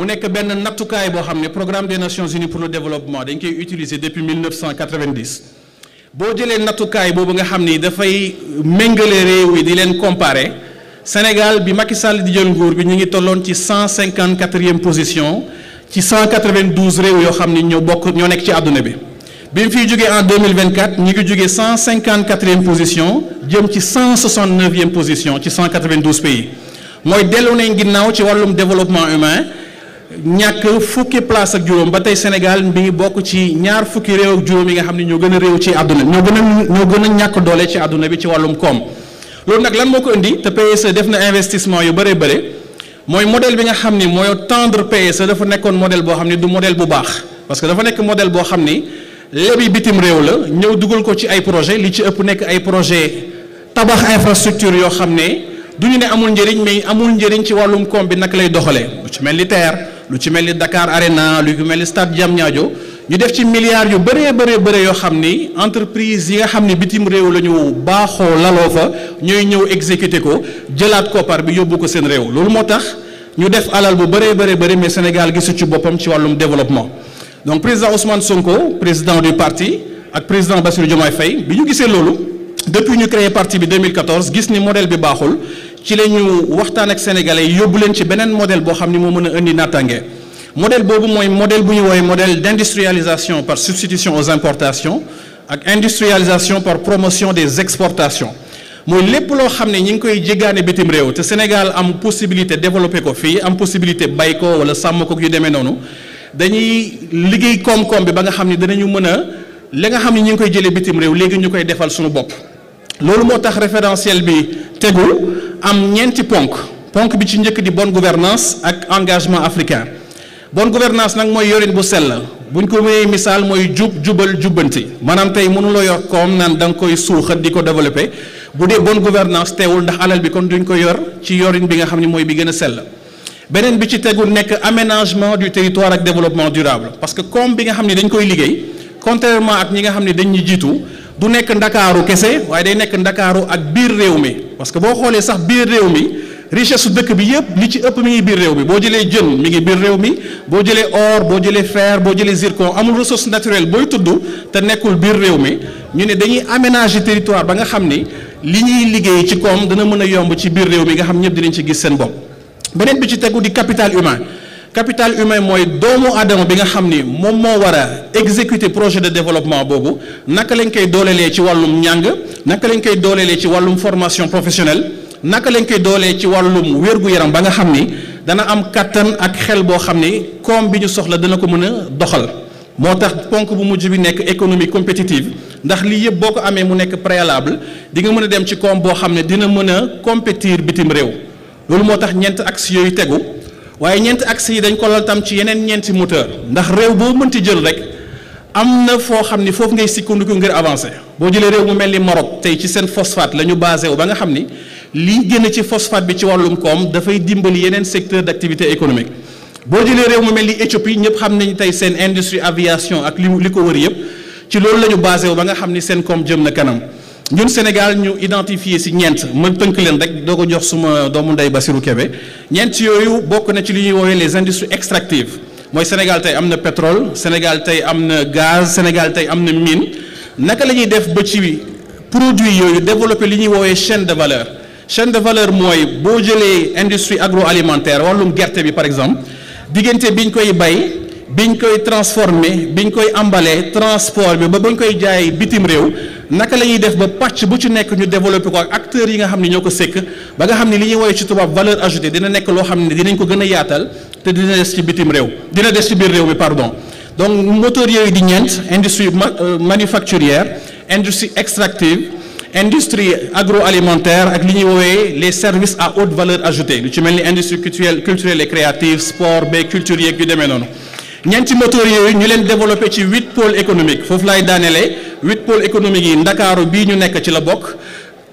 mu nekk benn nattukaay boo xam ne programme des nations unies pour le développement dañ koy utiliser depuis 1990 boo jëlee nattukaay boobu nga xam ni dafay méngale réew yi di leen comparer Sénégal bi Macky Sall di jël nguur bi ñu ngi tolloon ci 154e position ci 192 réew yoo xam ni ñoo bokk ñoo nekk ci àdduna bi bi mu fiy jógee en ñu ngi jógee 154e position jëm ci 169e position ci 192 pays mooy dellu nañ ginnaaw ci wàllum développement humain ñàkk fukki place ak juróom ba tey Sénégal mi ngi bokk ci ñaar fukki réew ak juróom yi nga xam ne ñoo gën a réew ci àdduna ñoo gën a ñoo gën a ñàkk doole ci àdduna bi ci wàllum koom loolu nag lan moo ko indi te e def na investissement yu bëree bëri mooy modèle bi nga xam ni mooy tendre PSE dafa nekkoon modèle boo xam ni du modèle bu baax parce que dafa nekk modèle boo xam ni lebi bitim réew la ñëw dugal ko ci ay projet li ci ëpp nekk ay projet tabax infrastructure yoo xam ne du amul njëriñ mais amul njëriñ ci wàllum koom bi naka lay doxalee mel ni terre lu ci mel ni Dakar Arena lu ci mel ni stade Diamniadio ñu def ci milliards yu bëree bëree bëre yoo xam ni entreprise yi nga xam ni bitim réew la ñu baaxoo laloo fa ñuy ñëw exécuter ko jëlaat koppar bi yóbbu ko seen réew loolu moo tax ñu def alal bu bëree bëree bëri mais Sénégal gisu ci boppam ci wàllum développement donc président Ousmane Sonko président du parti ak président Bassirou Diomaye Faye bi ñu gisee loolu depuis ñu créé parti bi 2014 gis ni modèle bi baaxul. ci la ñu waxtaan ak sénégalais yóbbu leen ci beneen modèle boo xam ni moo mën a indi nattange model boobu mooy modèle bu ñu woowee modèle d'industrialisation par substitution aux importations ak industrialisation par promotion des exportations mooy lépp loo xam ne ñi ngi koy jéggaane bitim réew te Sénégal am possibilité développer ko fii am possibilité bay ko wala sàmm ko yu demee noonu dañuy liggéey koom-koom bi ba nga xam ne danañu mën a li nga xam ne ñi ngi koy jëlee bitim réew léegi ñu koy defal suñu bopp moo tax référentiel bi tegu am ñeenti ponk ponk bi ci njëkk di bonne gouvernance ak engagement africain bonne gouvernance nag mooy yorin bu sell buñ ko mënee misaal mooy jub jubal jubbanti maanaam tey mënuloo yor koom naan da nga koy suuxat di ko développé bu dee bonne gouvernance teewul ndax alal bi kon duñ ko yor ci yorin bi nga xam ne mooy bi gën a sell beneen bi ci tegu nekk aménagement du territoire ak développement durable parce que koom bi nga xam ni dañ koy liggéey contrairement ak xam ne dañ ñu du nekk ndakaaru kese waaye day nekk ndakaaru ak biir réew mi parce que boo xoolee sax biir réew mi richesse su dëkk bi yëpp li ci ëpp mi ngi biir réew mi boo jëlee jën mi ngi biir réew mi boo jëlee or boo jëlee fer boo jëlee zircon amul ressource naturelle booy tudd te nekkul biir réew mi ñu ne dañuy aménager territoire ba nga xam ni li ñuy liggéey ci koom dana mën a yomb ci biir réew mi nga xam ñëpp dinañ ci gis seen bopp beneen bi ci tegu di capital humain capital humain mooy doomu aadama bi nga xam ni moom moo war a exécuter projet de développement boobu naka lañ koy dooleelee ci wàllum njàng naka lañ koy dooleelee ci wàllum formation professionnelle naka lañ koy doolee ci wàllum wér-gu-yaram ba nga xam ni dana am kàttan ak xel boo xam ni koom bi ñu soxla dana ko mën a doxal moo tax ponk bu mujj bi nekk économie compétitive ndax lii yëpp boo ko amee mu nekk préalable di nga mën a dem ci comme boo xam ne dina mën a compétir bitim réew loolu moo tax ñeent axe yooyu tegu waaye ñeenti axe yi dañ ko lal tam ci yeneen ñeenti moteur ndax réew boo mënti jël rek am na foo xam ni foofu ngay sikkandiku ngir avancé boo jëlee réew mu mel ni Maroc tey ci seen phosphate la ñu basé wu ba nga xam ni lii gën ci phosphate bi ci wàllum koom dafay dimbali yeneen secteur d' activité économique boo jëlee réew mu mel ni Éthiopie ñëpp xam nañ tey seen industrie aviation ak li li ko wër yëpp ci loolu la ñu basé wu ba nga xam ni seen koom jëm na kanam ñun Sénégal ñu identifié si ñeent man tënk leen rek doo ko jox suma doomu ndey Basirou kebe ñeent yooyu bokk na ci li ñuy woowee les industries extractives mooy Sénégal tey am na pétrole Sénégal tey am na gaz Sénégal tey am na mine naka la ñuy def ba ci produit yooyu développer li ñuy woowee chaine de valeur chaîne de valeur mooy boo jëlee agro alimentaire wàllum gerte bi par exemple diggante bi ñu koy bay biñ koy transformer biñ koy emballer transport bi ba bañ koy jaay bitim réew naka la ñuy def ba pàcc bu ci nekk ñu développé ko ak acteurs yi nga xam ne ñoo ko sekk ba nga xam ne li ñuy woowee ci tubaab valeur ajoutée dina nekk loo xam ne dinañ ko gën a yaatal te dina des ci bitim réew dina des ci biir réew mi pardon donc moteur yooyu di ñeent industrie euh, manufacturière industrie extractive industrie agroalimentaire ak li ñuy woowee les service à haute valeur ajoutée lu ci mel ni industrie culturelle culturelle et créative sport ba culture yeeg yu demee ñeenti moteur yooyu ñu leen développé ci huit pôles économiques foofu laay daanelee huit pôles économiques yi ndakaaru bii ñu nekk ci la bokk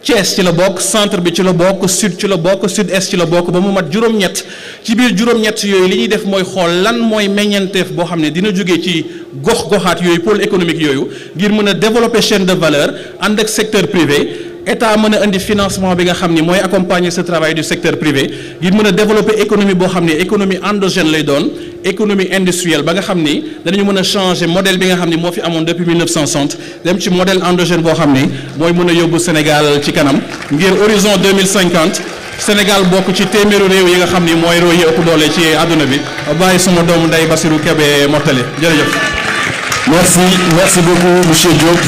Thiès ci la bokk centre bi ci la bokk sud ci la bokk sud-est ci la bokk ba mu mat juróom-ñett ci biir juróom-ñett yooyu li ñuy def mooy xool lan mooy meññeenteef boo xam ne dina jóge ci gox-goxaat yooyu pôle économique yooyu ngir mën a développer chaîne de valeur ànd ak secteur privé. état mën a indi financement bi nga xam ni mooy accompagner ce travail du secteur privé ngir mën a développer économie boo xam ni économie endogène lay doon économie industrielle ba nga xam ni danañu mën a changer modèle bi nga xam ni moo fi amoon depuis 1960 dem ci modèle endogène boo xam ni mooy mën a yóbbu Sénégal ci kanam ngir horizon 2050 Sénégal bokk ci téeméeru réew yi nga xam ni mooy réew yi ëpp doole ci àdduna bi bàyyi sama doomu nday Bassirou Kébé Mortali jërëjëf. merci merci beaucoup monsieur Diop.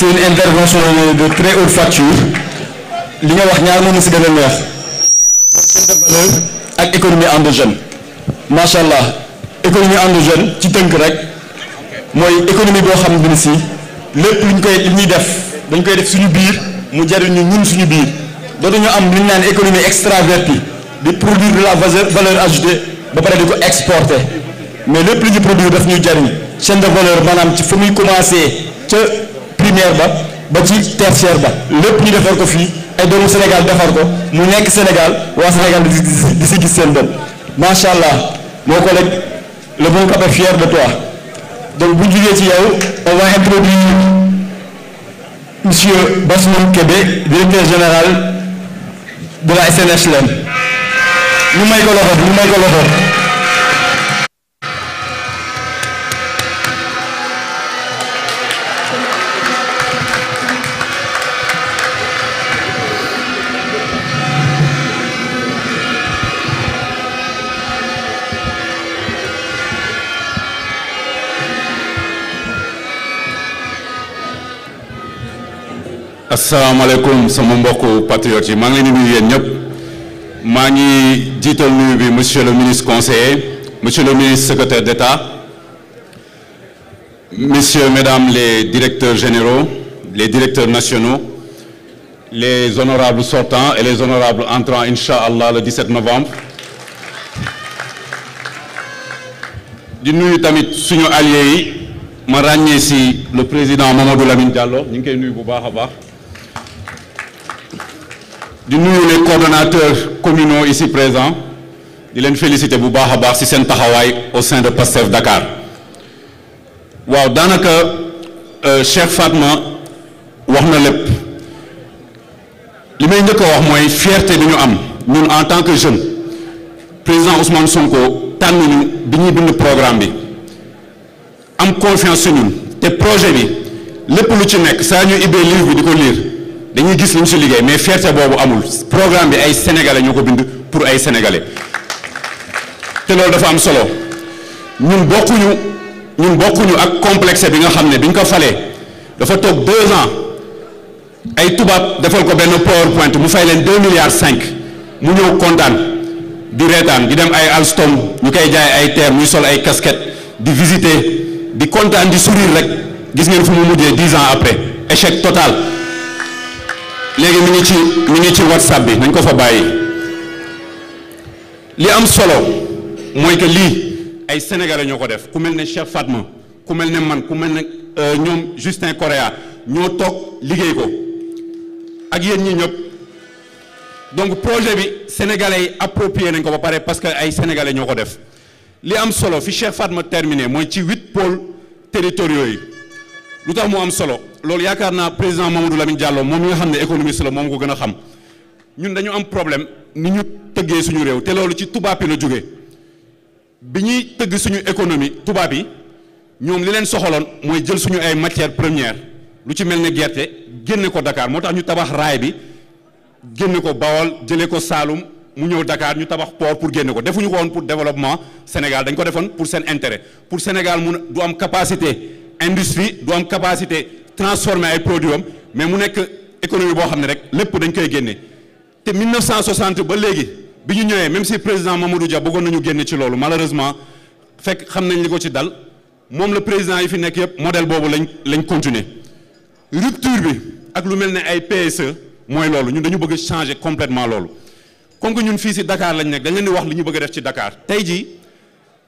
c'est intervention de très facture li nga wax ñaar moom la si gën a neex ak économie ànd jeune macha allah économie ànd ci tënk rek mooy économie boo xam ne si lépp lu ñu koy li ñuy def dañ koy def suñu biir mu jariñu ñun suñu biir dootuñu am li ñu naan économie extravertie di produire de la valeur ajoutée ba pare di ko exporter mais lépp lu ñu produire daf ñuy jariñ chaîne de valeur maanaam ci fa muy commencé ca. primaire ba ba ci tertiaire ba lépp ñu defar ko fii ay doomu Sénégal defar ko mu nekk Sénégal waa Sénégal di si gis seen bët macha allah moo ko lekk le bon cap est fier de toi donc bu jugee ci yow on va introduire monsieur Bassirou directeur général de la SNHLM ñu may ko loxo ñu may ko loxo. asalaamaaleykum sama mbokku patriotes maa ngi leen di ñëpp maa ngi jiital nuyu bi monsieur le ministre conseiller monsieur le ministre secrétaire d'État messieurs mesdames les directeurs généraux les directeurs nationaux les honorables sortants et les honorables entrants incha allah le 17 novembre di nuyu tamit suñu alliés ma ràññee si le président Mamadou Lamine Diallo ñu ngi koy nuyu bu baax a baax di nuyu les coordonnateurs communaux ici présents di leen féliciter bu baax a baax ci seen taxawaay au sein de Pastef Dakar waaw daanaka euh, Cheikh Fatma wax na lépp li may njëkk wax mooy fierté bi ñu am ñun en tant que jeune président Ousmane Sonko tànn ñu bi ñuy bind programme bi am confiance ci ñun te projet bi lépp lu ci nekk saa ñu ibbee livre bi di ko liir dañuy gis lu ñu si liggéey mais fierté boobu amul programme bi ay sénégalais ñoo ko bind pour ay sénégalais te loolu dafa am solo ñun bokkuñu ñun bokkuñu ak complexe bi nga xam ne bi ñu ko falee dafa toog deux ans ay tubaab defal ko benn PowerPoint mu fay leen deux milliards cinq mu ñëw kontaan di reetaan di dem ay Alstom ñu koy jaay ay terre muy sol ay casquette di visiter di kontaan di sourire rek gis ngeen fu mu mujjee dix ans après échec total. léegi mi ngi ci mu ngi ci whatsapp bi nañ ko fa bàyyi li am solo mooy que lii ay sénégalais ñoo ko def ku mel ne Cheikh Fatma ku mel ne man ku mel ne euh, ñoom Justin Correa ñoo toog liggéey ko ak yéen ñi ñëpp donc projet bi sénégalais yi approprié nañ ko ba pare parce que ay sénégalais ñoo ko def li am solo fi Cheikh Fatma terminé mooy ci huit pole territoriaux yi. lu tax mu am solo loolu yaakaar naa président Mamadou Lamine Diallo moom mi nga xam ne économiste la moom ko gën a xam ñun dañu am problème ni ñu tëggee suñu réew te loolu ci tubaab yi la jógee bi ñuy tëgg suñu économie tubaab yi ñoom li leen soxaloon mooy jël suñu ay matière premières lu ci mel ni gerte génne ko dakaar moo tax ñu tabax raay bi génne ko Bawol jëlee ko Saalum mu ñëw dakaar ñu tabax port pour génne ko defuñu ko woon pour développement Sénégal dañ ko defoon pour seen intérêt pour Sénégal mun du am capacité. industrie du am capacité transformer ay produits am mais mu nekk économie boo xam ne rek lépp dañ koy génne te 1960 ba léegi bi ñu ñëwee même si président Mamadou Dia bëggoon nañu génne ci loolu malheureusement fekk xam nañ li ko ci dal moom la président yi fi nekk yëpp model boobu lañ lañ continuer rupture bi ak lu mel ne ay PSE mooy loolu ñun dañu bëgg changer complètement loolu comme que ñun fii si dakaar lañ nekk dañ leen di wax li ñu bëgg def ci dakaar tey jii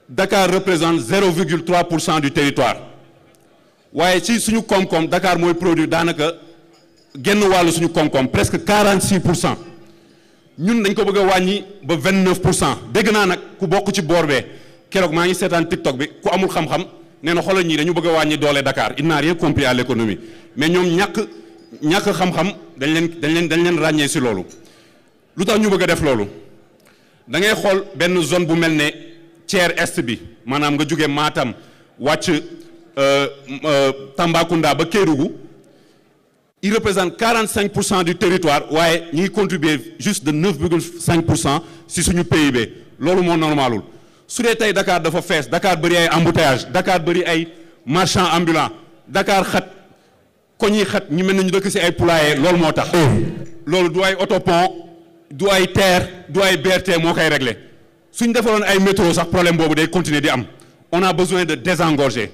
Dakar représente 0,3 pour cent du territoire waaye ci suñu koom-koom dakaar mooy produit daanaka genn wàllu suñu koom-koom presque pour cent ñun dañ ko bëgg a wàññi ba vingt neuf pour cent dégg naa nag ku bokk ci boor bee keroog maa ngi seetaan TikTok bi ku amul xam-xam nee na xoolal ñii dañu bëgg wàññi doole dakaar il n'a rien compris à l'économie mais ñoom ñàkk ñàkk xam-xam dañ leen dañ leen dañ leen ràññee si loolu lu tax ñu bëgg a def loolu da ngay xool benn zone bu mel ne tiers est bi maanaam nga jóge maatam wàcc. Euh, euh, Tambacounda ba Kédougou il représente 45 pour cent du territoire waaye ngi contribuer juste de 9,5 pour cent si suñu PIB loolu moo normalul su dee tey Dakar dafa fees Dakar bëri ay embouteillage Dakar bëri ay marchand ambulant dakaar xat koñ yi xat ñu mel nañu dëkk si ay poulailler loolu moo tax loolu du ay autopont du ay TER du ay BRT moo koy réglé suñ defaroon ay métro sax problème boobu day continuer di am on a besoin de désengorger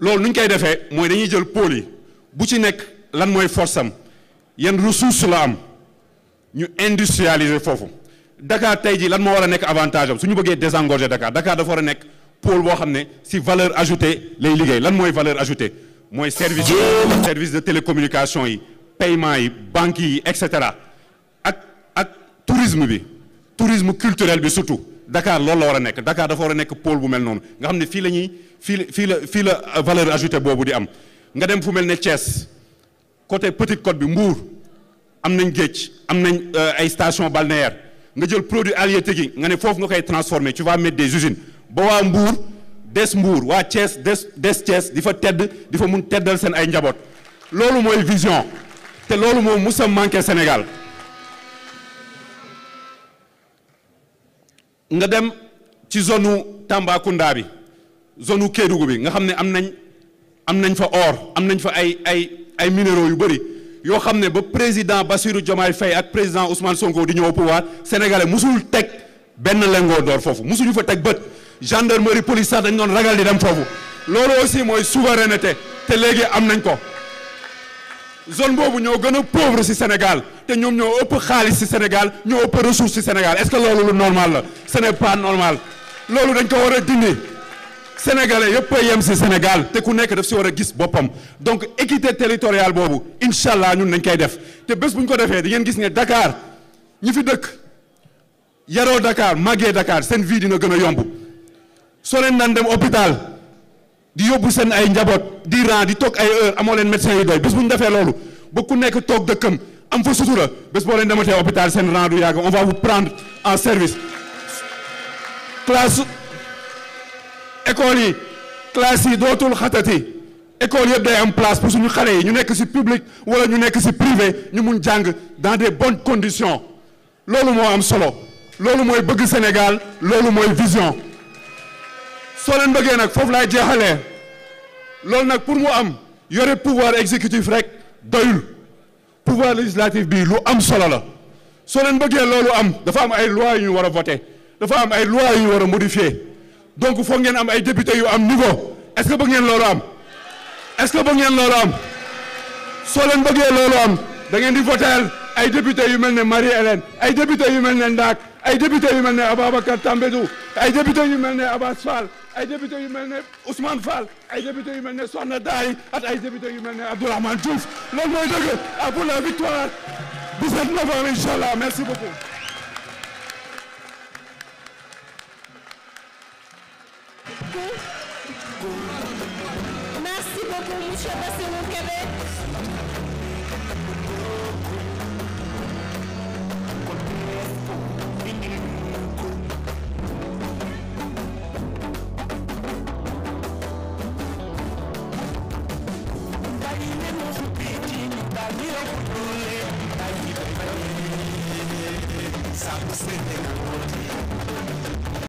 loolu nu ñu koy defee mooy dañuy jël pôle yi bu ci nekk lan mooy force am yan ressource la am ñu industrialiser foofu Dakar tey jii lan moo war a nekk avantage am su ñu bëggee désengorger Dakar Dakar dafa war a nekk pôle boo xam ne si valeur ajouté lay liggéey lan mooy valeur ajoutée mooy service service de télécommunication yi paiement yi banque yi et cetera ak ak tourisme bi tourisme culturel bi surtout dakaar loolu la war a nekk Dakar dafa war a nekk pôle bu mel noonu nga xam ne fii la ñuy fii la fii la fii la valeur ajoutée boobu di am nga dem fu mel ne Thiès côté Petite cote bi Mbour am nañ géej am nañ euh, ay station balnéaire nga jël produit halieutique yi nga ne foofu nga koy transformé ci vas mettre des usines boo waa Mbour des mbuur waa Thiès des des Thiès di fa tedd di fa mun teddal seen ay njaboot loolu mooy vision te loolu moom musa manqué Sénégal nga dem ci zone u Tambacounda bi zone u Kédougou bi nga xam ne am nañ am nañ fa or am nañ fa ay ay ay minéraux yu bëri yoo xam ne ba président Bassirou Diomaye Faye ak président Ousmane Sonko di ñëw pouvoir sénégalais musul teg benn lengoo door foofu musuñu fa teg bët gendarmerie police sax dañ doon ragal di dem foofu loolu aussi mooy souveraineté te léegi am nañ ko zone boobu ñoo gën a pauvre si Sénégal te ñoom ñoo ëpp xaalis si Sénégal ñoo ëpp ressource si Sénégal est-ce que loolu lu normal la ce n'est pas normal loolu dañ ko war a dindi sénégalais yëpp a yem si Sénégal te ku nekk daf si war a gis boppam donc équité territorial boobu incha allah ñun dañ koy def te bés bu ñu ko defee di ngeen gis ne dakaar ñi fi dëkk yaroo dakaar màggee dakaar seen vie dina gën a yomb soo leen daan dem hôpital. di yóbbu seen ay njaboot di rang di toog ay heure amoo leen médecin yu doy bés bu ñu defee loolu ba ku nekk toog dëkkam am fa sutura bés boo leen dematee hôpital seen rang du yàgg on va vous prendre en service classe école yi classe yi dootul xatati école yëpp day am place pour suñu xale yi ñu nekk si public wala ñu nekk si privé ñu mun jàng dans des bonnes conditions loolu moo am solo loolu mooy bëgg Sénégal loolu mooy vision soo leen bëggee nag foofu laay jeexalee loolu nag pour mu am yore pouvoir exécutif rek doyul pouvoir législatif bi lu am solo la soo leen bëggee loolu am dafa am ay loi yu ñu war a voter dafa am ay lois yu ñu war a modifier donc foog ngeen am ay député yu am niveau est-ce que bëgg ngeen loolu am est-ce que bëgg ngeen loolu am soo leen bëggee loolu am da ngeen di voter ay député yu mel ne Marie-Hélène ay député yu mel ne Ndaak ay député yu mel ne Ababacar Tambédou ay député yu mel ne Abass Fall ay député yu mel ne Ousmane Fall ay député yu mel ne Soxna Daari ak ay député yu mel ne Abdourahmane Diouf loolu mooy dëgg à pour la victoire 17 novembre incha allah merci beaucoup. merci beaucoup monsieur Bassirou Kébé.